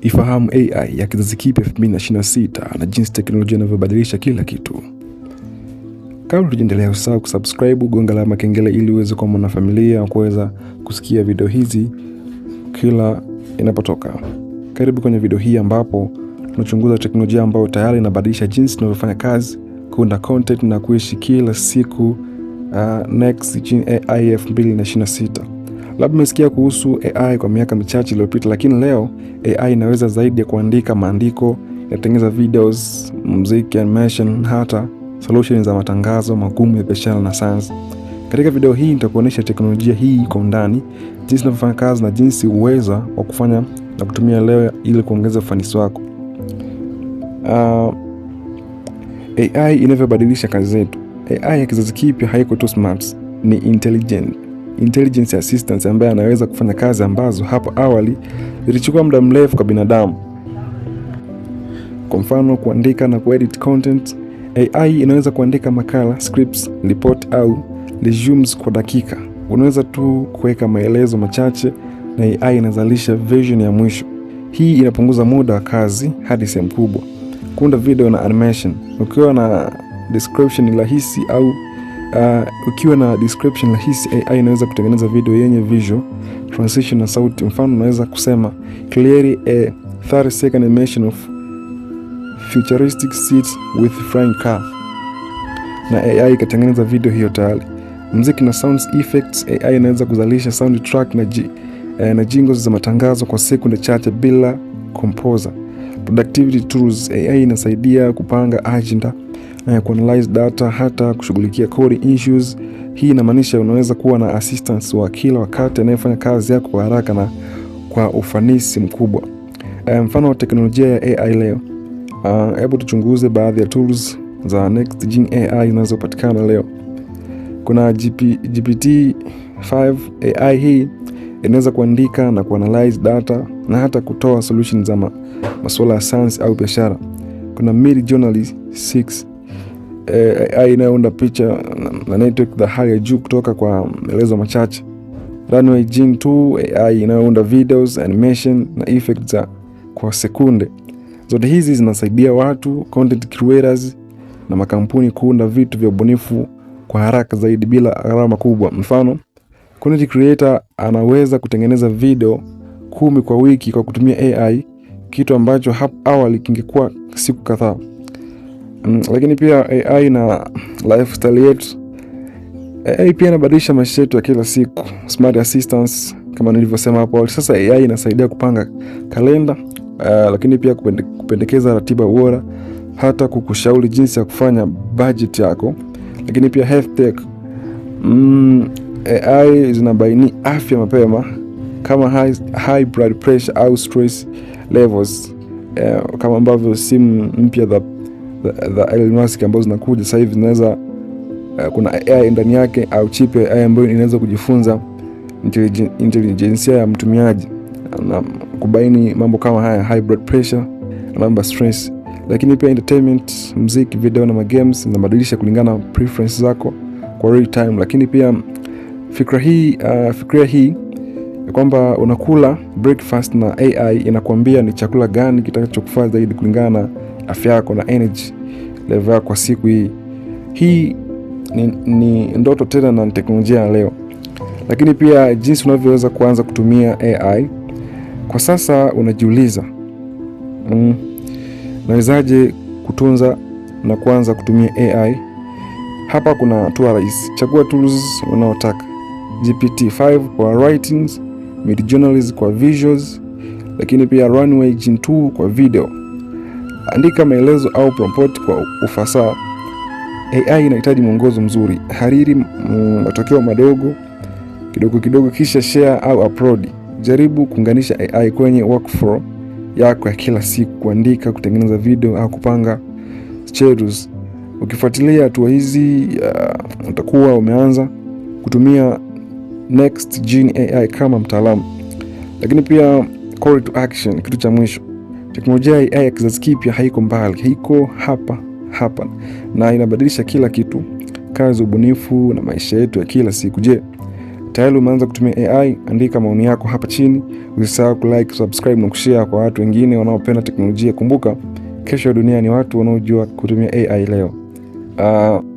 Ifahamu AI ya kizazi kipya 2026 na jinsi teknolojia inavyobadilisha kila kitu. Kabla tujaendelea, usahau kusubscribe, gonga alama kengele ili uweze kuwa mwanafamilia wa kuweza kusikia video hizi kila inapotoka. Karibu kwenye video hii ambapo tunachunguza teknolojia ambayo tayari inabadilisha jinsi tunavyofanya kazi, kuunda content na kuishi kila siku. Uh, next AI 2026. Labda umesikia kuhusu AI kwa miaka michache iliyopita, lakini leo AI inaweza zaidi ya kuandika maandiko, inatengeneza videos, muziki, animation, hata solution za matangazo magumu ya biashara na sayansi. Katika video hii nitakuonyesha teknolojia hii kwa undani, jinsi inavyofanya kazi na jinsi uweza wa kufanya na kutumia leo ili kuongeza ufanisi wako. Uh, AI inavyobadilisha kazi zetu. AI ya kizazi kipya haiko tu smart, ni intelligent intelligence assistant ambaye anaweza kufanya kazi ambazo hapo awali zilichukua muda mrefu kwa binadamu. Kwa mfano, kuandika na kuedit content, AI inaweza kuandika makala, scripts, report au resumes kwa dakika. Unaweza tu kuweka maelezo machache na AI inazalisha version ya mwisho. Hii inapunguza muda wa kazi hadi sehemu kubwa. Kuunda video na animation, ukiwa na description rahisi au Uh, ukiwa na description rahisi, AI inaweza kutengeneza video yenye visual transition na sauti. Mfano, unaweza kusema clearly a 30 second animation of futuristic seats with flying car, na AI ikatengeneza video hiyo tayari. Muziki na sound effects, AI inaweza kuzalisha soundtrack na, eh, na jingles za matangazo kwa sekunde chache bila composer. Productivity tools, AI inasaidia kupanga agenda, eh, kuanalyze data, hata kushughulikia code issues. Hii inamaanisha unaweza kuwa na assistance wa kila wakati anayefanya kazi yako kwa haraka na kwa ufanisi mkubwa. Eh, mfano wa teknolojia ya AI leo, eh, hebu tuchunguze baadhi ya tools za gen AI zinazopatikana leo. Kuna GP, GPT 5 AI hii inaweza kuandika na kuanalyze data na hata kutoa solution za masuala ya sayansi au biashara. Kuna Mid Journey eh, 6 AI inayounda picha na network za hali ya juu kutoka kwa maelezo machache. Runway Gen 2 AI inayounda videos, animation na effects za kwa sekunde. Zote hizi zinasaidia watu, content creators na makampuni kuunda vitu vya ubunifu kwa haraka zaidi bila gharama kubwa. Mfano, content creator anaweza kutengeneza video kumi kwa wiki kwa kutumia AI, kitu ambacho hapo awali kingekuwa siku kadhaa. Mm, lakini pia AI na lifestyle yetu. AI pia inabadilisha maisha yetu ya kila siku. Smart assistants kama nilivyosema hapo awali, sasa AI inasaidia kupanga kalenda uh, lakini pia kupende, kupendekeza ratiba bora, hata kukushauri jinsi ya kufanya budget yako. Lakini pia health tech mm, AI zinabaini afya mapema kama high, high blood pressure au stress levels eh, kama ambavyo simu mpya za za Elon Musk ambazo zinakuja sasa hivi zinaweza eh, kuna AI ndani yake au chip AI ambayo inaweza kujifunza intelijensia ya mtumiaji na kubaini mambo kama haya high blood pressure na mambo stress. Lakini pia entertainment, muziki, video na magames zinabadilisha kulingana preference zako kwa real time, lakini pia fikra hii uh, fikra hii kwamba unakula breakfast na AI inakuambia ni chakula gani kitakachokufaa zaidi kulingana na afya yako na energy level yako kwa siku hii. Hii ni, ni ndoto tena na teknolojia ya leo, lakini pia jinsi unavyoweza kuanza kutumia AI kwa sasa. Unajiuliza mm, nawezaje kutunza na kuanza kutumia AI? Hapa kuna hatua rahisi. Chagua tools unaotaka GPT-5 kwa writings Midjourney kwa visuals, lakini pia Runway Gen 2 kwa video. Andika maelezo au prompt kwa ufasaha. AI inahitaji mwongozo mzuri. Hariri matokeo madogo kidogo kidogo, kisha share au upload. Jaribu kuunganisha AI kwenye workflow yako ya kila siku, kuandika, kutengeneza video au kupanga schedules. Ukifuatilia hatua hizi, uh, utakuwa umeanza kutumia Next Gen AI kama mtaalamu. Lakini pia call to action, kitu cha mwisho. Teknolojia ya AI ya kizazi kipya haiko mbali, haiko hapa hapa, na inabadilisha kila kitu, kazi, ubunifu na maisha yetu ya kila siku. Je, tayari umeanza kutumia AI? Andika maoni yako hapa chini. Usisahau kulike, subscribe na kushare kwa watu wengine wanaopenda teknolojia. Kumbuka, kesho ya dunia ni watu wanaojua kutumia AI leo. Uh,